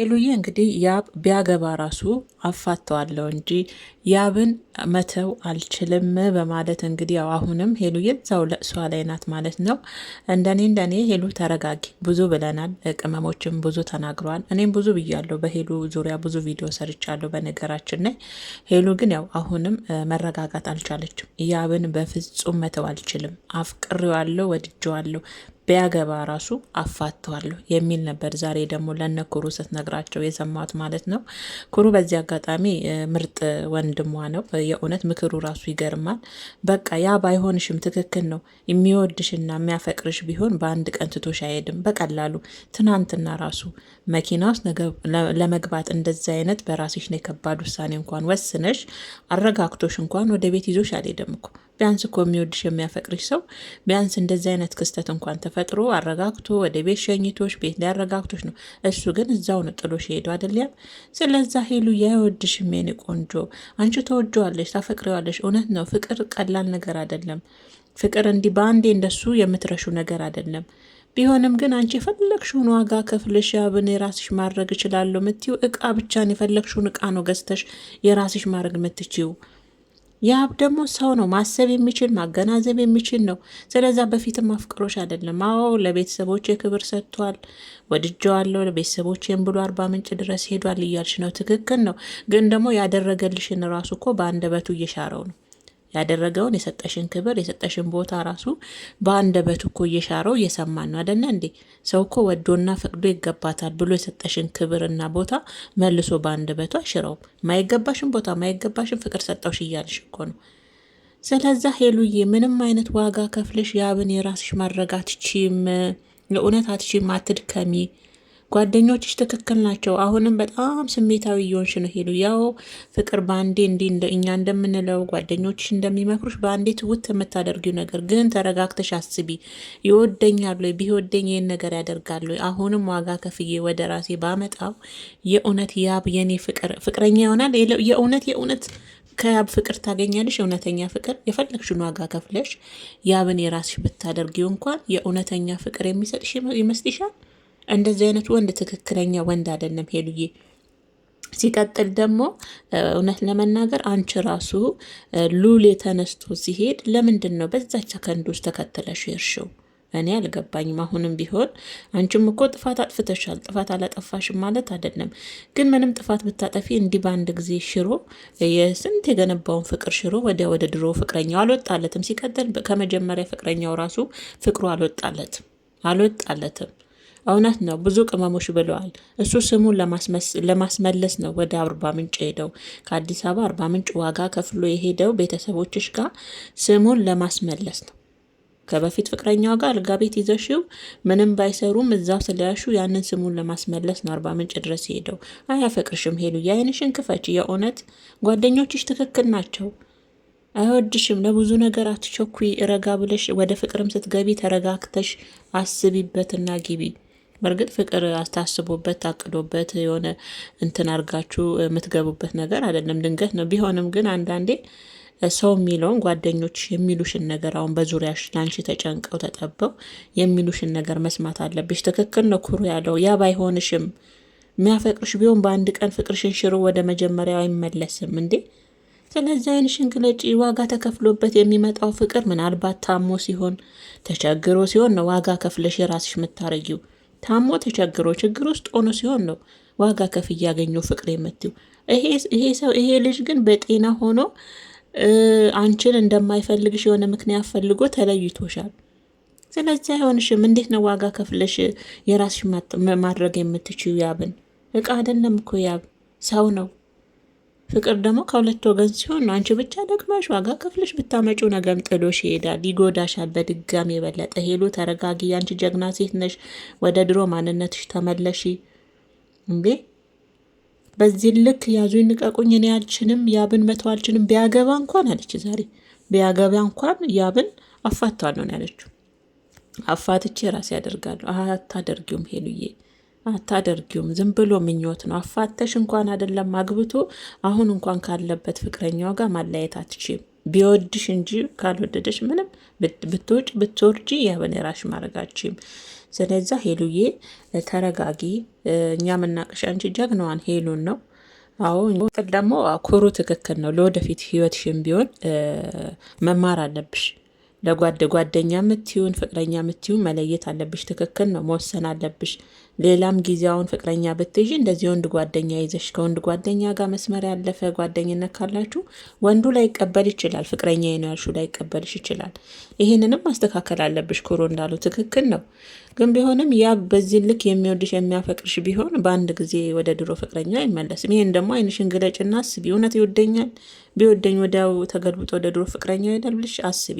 ሄሉዬ እንግዲህ ያብ ቢያገባ ራሱ አፋተዋለው እንጂ ያብን መተው አልችልም በማለት እንግዲህ ያው አሁንም ሄሉዬ እዛው ለእሷ ላይ ናት ማለት ነው። እንደኔ እንደኔ ሄሉ ተረጋጊ፣ ብዙ ብለናል፣ ቅመሞችም ብዙ ተናግረዋል፣ እኔም ብዙ ብያለሁ። በሄሉ ዙሪያ ብዙ ቪዲዮ ሰርቻለሁ በነገራችን ላይ። ሄሉ ግን ያው አሁንም መረጋጋት አልቻለችም። ያብን በፍጹም መተው አልችልም፣ አፍቅሬዋለሁ፣ ወድጀዋለሁ ቢያገባ ራሱ አፋተዋለሁ የሚል ነበር። ዛሬ ደግሞ ለነ ኩሩ ስትነግራቸው የሰማት ማለት ነው። ኩሩ በዚህ አጋጣሚ ምርጥ ወንድሟ ነው። የእውነት ምክሩ ራሱ ይገርማል። በቃ ያ ባይሆንሽም ትክክል ነው። የሚወድሽና የሚያፈቅርሽ ቢሆን በአንድ ቀን ትቶሽ አይሄድም በቀላሉ። ትናንትና ራሱ መኪና ውስጥ ለመግባት እንደዚህ አይነት በራስሽ ነው የከባድ ውሳኔ እንኳን ወስነሽ አረጋግቶሽ እንኳን ወደ ቤት ይዞሽ አልሄደም እኮ ቢያንስ እኮ የሚወድሽ የሚያፈቅርሽ ሰው ቢያንስ እንደዚህ አይነት ክስተት እንኳን ተፈጥሮ አረጋግቶ ወደ ቤት ሸኝቶች ቤት ሊያረጋግቶች ነው። እሱ ግን እዛው ነው ጥሎ ሄዱ አይደለም። ስለዛ ሄሉ የወድሽ የኔ ቆንጆ አንቺ ተወጂዋለሽ፣ ታፈቅሪዋለሽ። እውነት ነው ፍቅር ቀላል ነገር አደለም። ፍቅር እንዲህ በአንዴ እንደሱ የምትረሹ ነገር አደለም። ቢሆንም ግን አንቺ የፈለግሽውን ዋጋ ከፍልሽ ያብን የራስሽ ማድረግ እችላለሁ የምትይው እቃ ብቻን የፈለግሽውን እቃ ነው ገዝተሽ የራስሽ ማድረግ የምትችይው ያብ ደግሞ ሰው ነው። ማሰብ የሚችል ማገናዘብ የሚችል ነው። ስለዛ በፊትም አፍቅሮች አይደለም። አዎ ለቤተሰቦች ክብር ሰጥቷል፣ ወድጀዋለሁ ለቤተሰቦቼም ብሎ አርባ ምንጭ ድረስ ሄዷል እያልሽ ነው። ትክክል ነው። ግን ደግሞ ያደረገልሽን ራሱ እኮ በአንደበቱ እየሻረው ነው። ያደረገውን የሰጠሽን ክብር የሰጠሽን ቦታ ራሱ በአንደበቱ እኮ እየሻረው እየሰማን ነው አደለ እንዴ? ሰው እኮ ወዶና ፈቅዶ ይገባታል ብሎ የሰጠሽን ክብርና ቦታ መልሶ በአንደበቱ አይሽረውም። ማይገባሽን ቦታ ማይገባሽን ፍቅር ሰጠውሽ እያልሽ እኮ ነው። ስለዛ ሄሉዬ ምንም አይነት ዋጋ ከፍለሽ ያብን የራስሽ ማድረግ አትችም። ለእውነት አትችም። አትድከሚ። ጓደኞችሽ ትክክል ናቸው። አሁንም በጣም ስሜታዊ እየሆንሽ ነው ሄሉ። ያው ፍቅር በአንዴ እንዲ እኛ እንደምንለው ጓደኞችሽ እንደሚመክሩሽ በአንዴ ትውት የምታደርጊው ነገር ግን ተረጋግተሽ አስቢ። ይወደኛሉ ቢወደኝ ይህን ነገር ያደርጋሉ። አሁንም ዋጋ ከፍዬ ወደ ራሴ ባመጣው የእውነት ያብ የኔ ፍቅር ፍቅረኛ ይሆናል። የእውነት የእውነት ከያብ ፍቅር ታገኛለሽ። እውነተኛ ፍቅር የፈለግሽን ዋጋ ከፍለሽ ያብን የራስሽ ብታደርጊው እንኳን የእውነተኛ ፍቅር የሚሰጥሽ ይመስልሻል? እንደዚህ አይነት ወንድ ትክክለኛ ወንድ አይደለም ሄዱዬ። ሲቀጥል ደግሞ እውነት ለመናገር አንቺ ራሱ ሉሌ ተነስቶ ሲሄድ ለምንድን ነው በዛች ከንድ ውስጥ ተከተለሽ ሄድሽው? እኔ አልገባኝም። አሁንም ቢሆን አንቺም እኮ ጥፋት አጥፍተሻል። ጥፋት አላጠፋሽም ማለት አይደለም። ግን ምንም ጥፋት ብታጠፊ እንዲህ በአንድ ጊዜ ሽሮ የስንት የገነባውን ፍቅር ሽሮ ወዲያ ወደ ድሮ ፍቅረኛው አልወጣለትም። ሲቀጥል ከመጀመሪያ ፍቅረኛው ራሱ ፍቅሩ አልወጣለትም አልወጣለትም። እውነት ነው። ብዙ ቅመሞች ብለዋል። እሱ ስሙን ለማስመለስ ነው ወደ አርባ ምንጭ ሄደው ከአዲስ አበባ አርባ ምንጭ ዋጋ ከፍሎ የሄደው ቤተሰቦችሽ ጋር ስሙን ለማስመለስ ነው። ከበፊት ፍቅረኛዋ ጋር አልጋ ቤት ይዘሽው ምንም ባይሰሩም እዛው ስለያሹ ያንን ስሙን ለማስመለስ ነው አርባ ምንጭ ድረስ ሄደው። አያፈቅርሽም ሄሉ፣ የአይንሽን ክፈች። የእውነት ጓደኞችሽ ትክክል ናቸው። አይወድሽም። ለብዙ ነገር አትቸኩይ። ረጋ ብለሽ ወደ ፍቅርም ስትገቢ ተረጋግተሽ አስቢበትና ግቢ። በእርግጥ ፍቅር አስታስቦበት ታቅዶበት የሆነ እንትን አርጋችሁ የምትገቡበት ነገር አይደለም፣ ድንገት ነው። ቢሆንም ግን አንዳንዴ ሰው የሚለውን ጓደኞች የሚሉሽን ነገር አሁን በዙሪያሽ ላንቺ ተጨንቀው ተጠበው የሚሉሽን ነገር መስማት አለብሽ። ትክክል ነው ኩሩ ያለው ያ ባይሆንሽም የሚያፈቅርሽ ቢሆን በአንድ ቀን ፍቅርሽን ሽሮ ወደ መጀመሪያው አይመለስም እንዴ። ስለዚህ ዓይንሽን ግለጪ። ዋጋ ተከፍሎበት የሚመጣው ፍቅር ምናልባት ታሞ ሲሆን ተቸግሮ ሲሆን ነው ዋጋ ከፍለሽ የራስሽ የምታረጊው። ታሞ ተቸግሮ ችግር ውስጥ ሆኖ ሲሆን ነው ዋጋ ከፍ እያገኘው ፍቅር የምትው ይሄ ልጅ ግን በጤና ሆኖ አንቺን እንደማይፈልግሽ የሆነ ምክንያት ፈልጎ ተለይቶሻል። ስለዚህ አይሆንሽም። እንዴት ነው ዋጋ ከፍለሽ የራስሽ ማድረግ የምትችው? ያብን እቃ አይደለም እኮ ያብ ሰው ነው። ፍቅር ደግሞ ከሁለት ወገን ሲሆን ነው። አንቺ ብቻ ደክመሽ ዋጋ ከፍለሽ ብታመጪው ነገም ጥሎሽ ይሄዳል፣ ይጎዳሻል በድጋሚ የበለጠ። ሄሎ ተረጋጊ፣ አንቺ ጀግና ሴት ነሽ። ወደ ድሮ ማንነትሽ ተመለሺ። እንዴ በዚህ ልክ ያዙኝ ንቀቁኝ፣ እኔ አልችንም፣ ያብን መተው አልችንም። ቢያገባ እንኳን አለች ዛሬ፣ ቢያገባ እንኳን ያብን አፋቷል ነው ያለችው። አፋትቼ ራሴ ያደርጋሉ። አታደርጊውም ሄሉዬ አታደርጊውም። ዝም ብሎ ምኞት ነው። አፋተሽ እንኳን አይደለም አግብቶ አሁን እንኳን ካለበት ፍቅረኛው ጋር ማለየት አትችም። ቢወድሽ እንጂ ካልወደደሽ ምንም ብትውጭ ብትወርጂ ያበን የራሽ ማድረግ አትችም። ስለዛ ሄሉዬ ተረጋጊ። እኛ የምናቅሽ አንቺ ጀግናዋን ሄሉን ነው። አሁን ደግሞ ኩሩ ትክክል ነው። ለወደፊት ህይወትሽም ቢሆን መማር አለብሽ። ለጓደ ጓደኛ ምትሁን ፍቅረኛ ምትሁን መለየት አለብሽ። ትክክል ነው፣ መወሰን አለብሽ። ሌላም ጊዜያውን ፍቅረኛ ብትይዥ እንደዚህ ወንድ ጓደኛ ይዘሽ ከወንድ ጓደኛ ጋር መስመር ያለፈ ጓደኝነት ካላችሁ ወንዱ ላይቀበል ይችላል፣ ፍቅረኛ ነው ያልሹ ላይቀበልሽ ይችላል። ይህንንም ማስተካከል አለብሽ። ኩሮ እንዳሉ ትክክል ነው፣ ግን ቢሆንም ያ በዚህ ልክ የሚወድሽ የሚያፈቅርሽ ቢሆን በአንድ ጊዜ ወደ ድሮ ፍቅረኛ አይመለስም። ይህን ደግሞ አይንሽን ግለጭና አስቢ። እውነት ይወደኛል ቢወደኝ ወዲያው ተገልብጦ ወደ ድሮ ፍቅረኛ ይሄዳል አስቢ።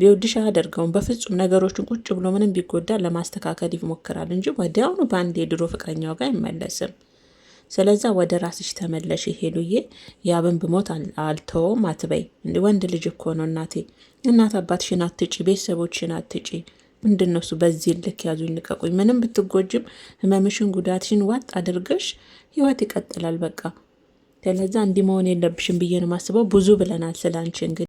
ቢወድሽ አያደርገውም። በፍጹም ነገሮችን ቁጭ ብሎ ምንም ቢጎዳ ለማስተካከል ይሞክራል እንጂ ወዲያውኑ በአንድ የድሮ ፍቅረኛው ጋር አይመለስም። ስለዛ ወደ ራስሽ ተመለሽ ሄሉዬ። ያብን ብሞት አልተውም አትበይ። ወንድ ልጅ እኮ ነው እናቴ። እናት አባትሽን አትጪ፣ ቤተሰቦችሽን አትጪ። እንድነሱ በዚህ ልክ ያዙኝ ልቀቁኝ። ምንም ብትጎጅም ህመምሽን፣ ጉዳትሽን ዋጥ አድርገሽ ህይወት ይቀጥላል በቃ። ስለዛ እንዲህ መሆን የለብሽም ብዬ ነው ማስበው። ብዙ ብለናል ስለ አንቺ እንግዲህ